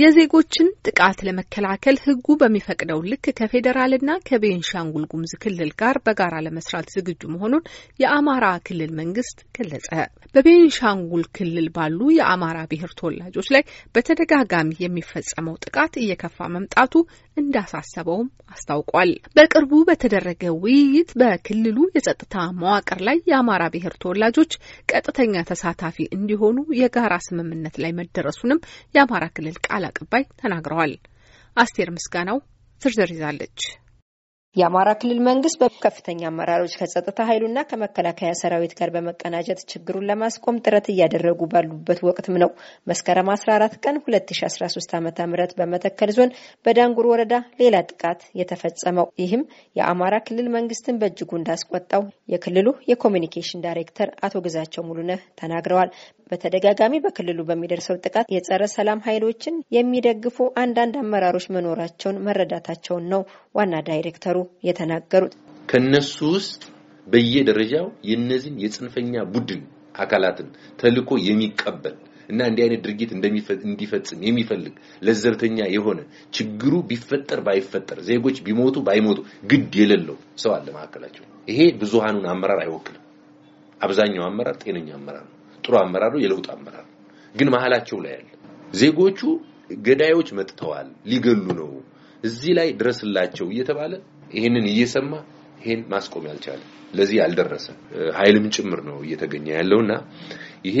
የዜጎችን ጥቃት ለመከላከል ህጉ በሚፈቅደው ልክ ከፌዴራልና ከቤንሻንጉል ጉሙዝ ክልል ጋር በጋራ ለመስራት ዝግጁ መሆኑን የአማራ ክልል መንግስት ገለጸ። በቤንሻንጉል ክልል ባሉ የአማራ ብሔር ተወላጆች ላይ በተደጋጋሚ የሚፈጸመው ጥቃት እየከፋ መምጣቱ እንዳሳሰበውም አስታውቋል። በቅርቡ በተደረገ ውይይት በክልሉ የጸጥታ መዋቅር ላይ የአማራ ብሔር ተወላጆች ቀጥተኛ ተሳታፊ እንዲሆኑ የጋራ ስምምነት ላይ መደረሱንም የአማራ ክልል ቃል ቃል አቀባይ ተናግረዋል። አስቴር ምስጋናው ዝርዝር ይዛለች። የአማራ ክልል መንግስት በከፍተኛ አመራሮች ከጸጥታ ኃይሉና ከመከላከያ ሰራዊት ጋር በመቀናጀት ችግሩን ለማስቆም ጥረት እያደረጉ ባሉበት ወቅትም ነው መስከረም 14 ቀን 2013 ዓ ም በመተከል ዞን በዳንጉር ወረዳ ሌላ ጥቃት የተፈጸመው። ይህም የአማራ ክልል መንግስትን በእጅጉ እንዳስቆጣው የክልሉ የኮሚኒኬሽን ዳይሬክተር አቶ ግዛቸው ሙሉነህ ተናግረዋል። በተደጋጋሚ በክልሉ በሚደርሰው ጥቃት የጸረ ሰላም ኃይሎችን የሚደግፉ አንዳንድ አመራሮች መኖራቸውን መረዳታቸውን ነው ዋና ዳይሬክተሩ የተናገሩት። ከነሱ ውስጥ በየደረጃው የነዚህን የጽንፈኛ ቡድን አካላትን ተልዕኮ የሚቀበል እና እንዲህ አይነት ድርጊት እንዲፈጽም የሚፈልግ ለዘብተኛ የሆነ ችግሩ ቢፈጠር ባይፈጠር ዜጎች ቢሞቱ ባይሞቱ ግድ የሌለው ሰው አለ መካከላቸው። ይሄ ብዙሃኑን አመራር አይወክልም። አብዛኛው አመራር ጤነኛ አመራር ነው። ጥሩ አመራር ነው፣ የለውጥ አመራር ነው። ግን መሀላቸው ላይ ያለ ዜጎቹ ገዳዮች መጥተዋል፣ ሊገሉ ነው፣ እዚህ ላይ ድረስላቸው እየተባለ ይሄንን እየሰማ ይሄን ማስቆም ያልቻለ ለዚህ ያልደረሰ ኃይልም ጭምር ነው እየተገኘ ያለውና ይሄ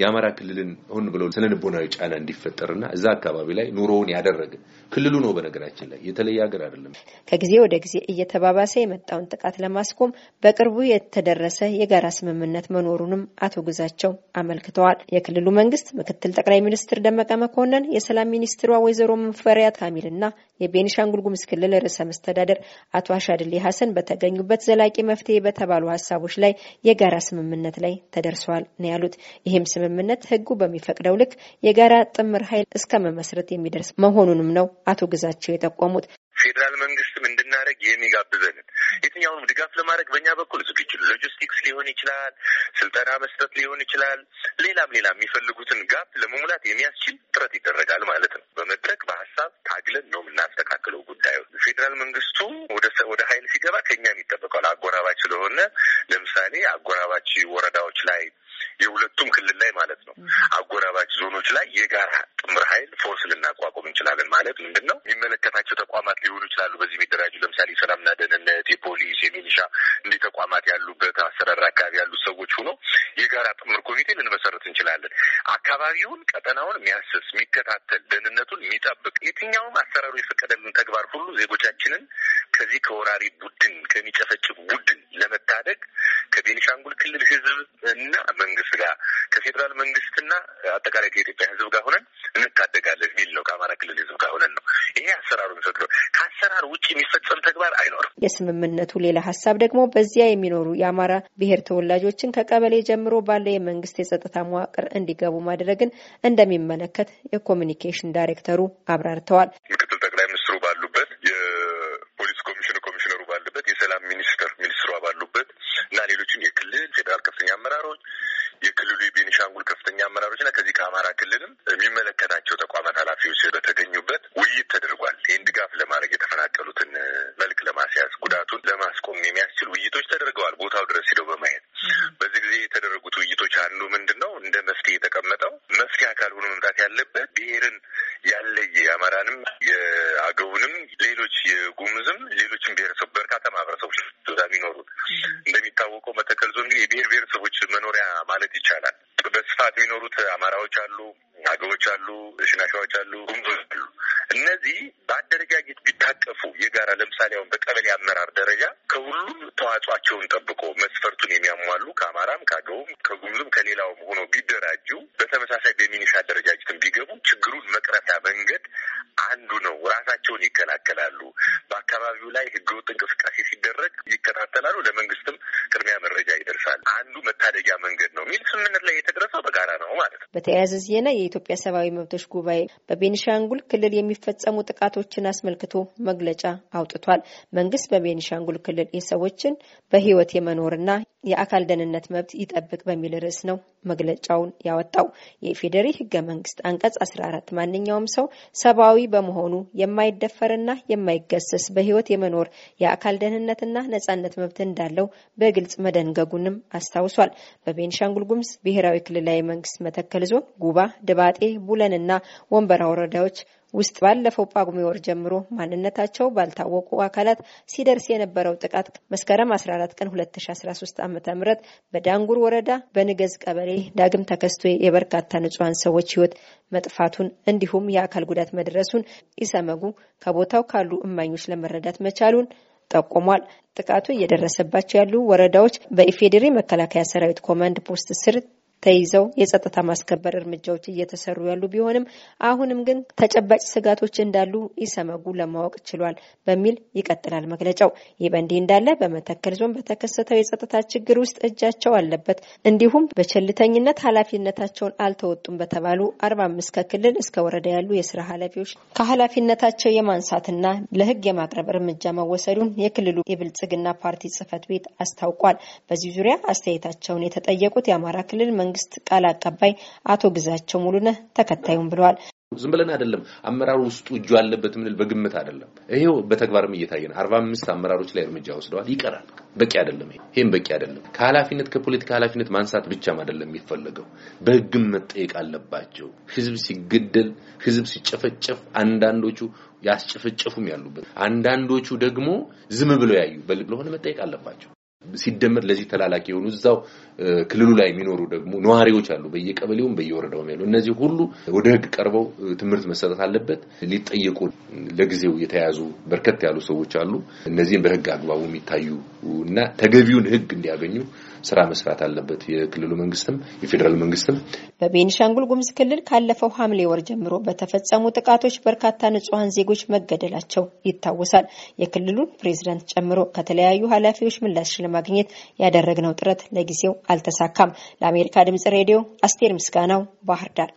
የአማራ ክልልን ሆን ብሎ ስነ ልቦናዊ ጫና እንዲፈጠርና እዛ አካባቢ ላይ ኑሮውን ያደረገ ክልሉ ነው። በነገራችን ላይ የተለየ ሀገር አይደለም። ከጊዜ ወደ ጊዜ እየተባባሰ የመጣውን ጥቃት ለማስቆም በቅርቡ የተደረሰ የጋራ ስምምነት መኖሩንም አቶ ግዛቸው አመልክተዋል። የክልሉ መንግስት ምክትል ጠቅላይ ሚኒስትር ደመቀ መኮንን፣ የሰላም ሚኒስትሯ ወይዘሮ ሙፈሪያት ካሚል እና የቤኒሻንጉል ጉሙዝ ክልል ርዕሰ መስተዳደር አቶ አሻድሌ ሀሰን በተገኙበት ዘላቂ መፍትሄ በተባሉ ሀሳቦች ላይ የጋራ ስምምነት ላይ ተደርሷል ነው ያሉት። ይህም ስምምነት ህጉ በሚፈቅደው ልክ የጋራ ጥምር ኃይል እስከ መመስረት የሚደርስ መሆኑንም ነው አቶ ግዛቸው የጠቆሙት። ፌዴራል መንግስትም እንድናደረግ የሚጋብዘንን የትኛውንም ድጋፍ ለማድረግ በእኛ በኩል ዝግጁ፣ ሎጂስቲክስ ሊሆን ይችላል፣ ስልጠና መስጠት ሊሆን ይችላል፣ ሌላም ሌላ የሚፈልጉትን ጋፕ ለመሙላት የሚያስችል ጥረት ይደረጋል ማለት ነው። በመድረክ በሀሳብ ታግለን ነው የምናስተካክለው ጉዳዩ። ፌዴራል መንግስቱ ወደ ኃይል ሲገባ ከኛም የሚጠበቀው አጎራባች ስለሆነ ለምሳሌ አጎራባች ወረዳዎች ላይ የሁለቱም ክልል ላይ ማለት ነው አጎራባች ዞኖች ላይ የጋራ ጥምር ኃይል ፎርስ ልናቋቁም እንችላለን። ማለት ምንድን ነው የሚመለከታቸው ተቋማት ሊሆኑ ይችላሉ። በዚህ የሚደራጁ ለምሳሌ የሰላምና ደህንነት፣ የፖሊስ፣ የሚኒሻ እንዲህ ተቋማት ያሉበት አሰራር አካባቢ ያሉ ሰዎች ሆኖ የጋራ ጥምር ኮሚቴ ልንመሰረት እንችላለን። አካባቢውን፣ ቀጠናውን የሚያስስ የሚከታተል፣ ደህንነቱን የሚጠብቅ የትኛውም አሰራሩ የፈቀደልን ተግባር ሁሉ ዜጎቻችንን ከዚህ ከወራሪ ቡድን ከሚጨፈጭፍ ቡድን ለመታደግ ከቤኒሻንጉል ክልል ህዝብ እና ከፌዴራል መንግስትና አጠቃላይ ከኢትዮጵያ ህዝብ ጋር ሆነን እንታደጋለን የሚል ነው። ከአማራ ክልል ህዝብ ጋር ሆነን ነው። ይሄ አሰራሩ የሚፈቅደው። ከአሰራር ውጭ የሚፈጸም ተግባር አይኖርም። የስምምነቱ ሌላ ሀሳብ ደግሞ በዚያ የሚኖሩ የአማራ ብሔር ተወላጆችን ከቀበሌ ጀምሮ ባለ የመንግስት የጸጥታ መዋቅር እንዲገቡ ማድረግን እንደሚመለከት የኮሚኒኬሽን ዳይሬክተሩ አብራርተዋል። ምክትል ጠቅላይ ሚኒስትሩ ባሉበት፣ የፖሊስ ኮሚሽኑ ኮሚሽነሩ ባሉበት፣ የሰላም ሚኒስትር የክልሉ የቤኒሻንጉል ከፍተኛ አመራሮች ና ከዚህ ከአማራ ክልልም የሚመለከታቸው ተቋማት ኃላፊዎች በተገኙበት ውይይት ተደርጓል። ይህን ድጋፍ ለማድረግ የተፈናቀሉትን መልክ ለማስያዝ ጉዳቱን ለማስቆም የሚያስችል ውይይቶች ተደርገዋል። ቦታው ድረስ ሂደው በማየት በዚህ ጊዜ የተደረጉት ውይይቶች አንዱ ምንድን ነው እንደ መፍትሄ የተቀመጠው መፍትሄ አካል ሆኖ መምጣት ያለበት ብሔርን ያለየ የአማራንም የአገውንም ሌሎች የጉምዝም ሌሎችም ብሔረሰቡ በርካታ ማህበረሰቦች ዛ የሚኖሩት እንደሚታወቀው መተከል ዞን የብሔር ብሔረሰቡ ይቻላል። በስፋት የሚኖሩት አማራዎች አሉ፣ አገቦች አሉ፣ ሽናሻዎች አሉ፣ ጉምዞች አሉ። እነዚህ በአደረጃጀት ቢታቀፉ የጋራ ለምሳሌ አሁን በቀበሌ አመራር ደረጃ ከሁሉም ተዋጽኦአቸውን ጠብቆ መስፈርቱን የሚያሟሉ ከአማራም ከአገቡም ከጉምዙም ከሌላውም ሆኖ ቢደራጁ በተመሳሳይ በሚኒሻ አደረጃጀትም ቢገቡ ችግሩን መቅረፊያ መንገድ አንዱ ነው። ራሳቸውን ይከላከላሉ። በአካባቢው ላይ ህገወጥ እንቅስቃሴ ሲደረግ ይከታተላሉ። ለመንግስትም ቅድሚያ መረጃ ይደርሳል። አንዱ መታደጊያ መንገድ ነው የሚል ስምምነት ላይ የተደረሰው በጋራ ነው። ማለት ነው። በተያያዘ ዜና የኢትዮጵያ ሰብአዊ መብቶች ጉባኤ በቤኒሻንጉል ክልል የሚፈጸሙ ጥቃቶችን አስመልክቶ መግለጫ አውጥቷል። መንግስት በቤኒሻንጉል ክልል የሰዎችን በህይወት የመኖርና የአካል ደህንነት መብት ይጠብቅ በሚል ርዕስ ነው መግለጫውን ያወጣው። የኢፌዴሪ ህገ መንግስት አንቀጽ 14 ማንኛውም ሰው ሰብአዊ በመሆኑ የማይደፈርና የማይገሰስ በህይወት የመኖር የአካል ደህንነትና ነጻነት መብት እንዳለው በግልጽ መደንገጉንም አስታውሷል። በቤኒሻንጉል ጉምዝ ብሔራዊ ክልላዊ መንግስት መተከል ዞን ጉባ፣ ድባጤ፣ ቡለንና ወንበራ ወረዳዎች ውስጥ ባለፈው ጳጉሜ ወር ጀምሮ ማንነታቸው ባልታወቁ አካላት ሲደርስ የነበረው ጥቃት መስከረም 14 ቀን 2013 ዓ.ም በዳንጉር ወረዳ በንገዝ ቀበሌ ዳግም ተከስቶ የበርካታ ንጹሐን ሰዎች ህይወት መጥፋቱን እንዲሁም የአካል ጉዳት መድረሱን ኢሰመጉ ከቦታው ካሉ እማኞች ለመረዳት መቻሉን ጠቁሟል። ጥቃቱ እየደረሰባቸው ያሉ ወረዳዎች በኢፌዴሪ መከላከያ ሰራዊት ኮማንድ ፖስት ስር ተይዘው የጸጥታ ማስከበር እርምጃዎች እየተሰሩ ያሉ ቢሆንም አሁንም ግን ተጨባጭ ስጋቶች እንዳሉ ኢሰመጉ ለማወቅ ችሏል በሚል ይቀጥላል መግለጫው። ይህ በእንዲህ እንዳለ በመተከል ዞን በተከሰተው የጸጥታ ችግር ውስጥ እጃቸው አለበት እንዲሁም በቸልተኝነት ኃላፊነታቸውን አልተወጡም በተባሉ አርባ አምስት ከክልል እስከ ወረዳ ያሉ የስራ ኃላፊዎች ከኃላፊነታቸው የማንሳትና ለህግ የማቅረብ እርምጃ መወሰዱን የክልሉ የብልጽግና ፓርቲ ጽህፈት ቤት አስታውቋል። በዚህ ዙሪያ አስተያየታቸውን የተጠየቁት የአማራ ክልል መንግስት ቃል አቀባይ አቶ ግዛቸው ሙሉነህ ተከታዩም ብለዋል። ዝም ብለን አይደለም አመራሩ ውስጡ እጁ ያለበት ምንል በግምት አይደለም። ይሄው በተግባርም እየታየ ነው። አርባ አምስት አመራሮች ላይ እርምጃ ወስደዋል። ይቀራል። በቂ አይደለም። ይሄም በቂ አይደለም። ከኃላፊነት ከፖለቲካ ኃላፊነት ማንሳት ብቻም አይደለም የሚፈለገው፣ በህግም መጠየቅ አለባቸው። ህዝብ ሲገደል፣ ህዝብ ሲጨፈጨፍ አንዳንዶቹ ያስጨፈጨፉም ያሉበት፣ አንዳንዶቹ ደግሞ ዝም ብለው ያዩ ለሆነ መጠየቅ አለባቸው። ሲደመር ለዚህ ተላላቂ የሆኑ እዛው ክልሉ ላይ የሚኖሩ ደግሞ ነዋሪዎች አሉ፣ በየቀበሌውም በየወረዳውም ያሉ። እነዚህ ሁሉ ወደ ህግ ቀርበው ትምህርት መሰጠት አለበት። ሊጠየቁ ለጊዜው የተያዙ በርከት ያሉ ሰዎች አሉ። እነዚህም በህግ አግባቡ የሚታዩ እና ተገቢውን ህግ እንዲያገኙ ስራ መስራት አለበት። የክልሉ መንግስትም የፌዴራል መንግስትም። በቤኒሻንጉል ጉምዝ ክልል ካለፈው ሐምሌ ወር ጀምሮ በተፈጸሙ ጥቃቶች በርካታ ንጹሐን ዜጎች መገደላቸው ይታወሳል። የክልሉን ፕሬዚዳንት ጨምሮ ከተለያዩ ኃላፊዎች ምላሽ ለማግኘት ያደረግነው ጥረት ለጊዜው አልተሳካም። ለአሜሪካ ድምጽ ሬዲዮ አስቴር ምስጋናው ባህር ዳር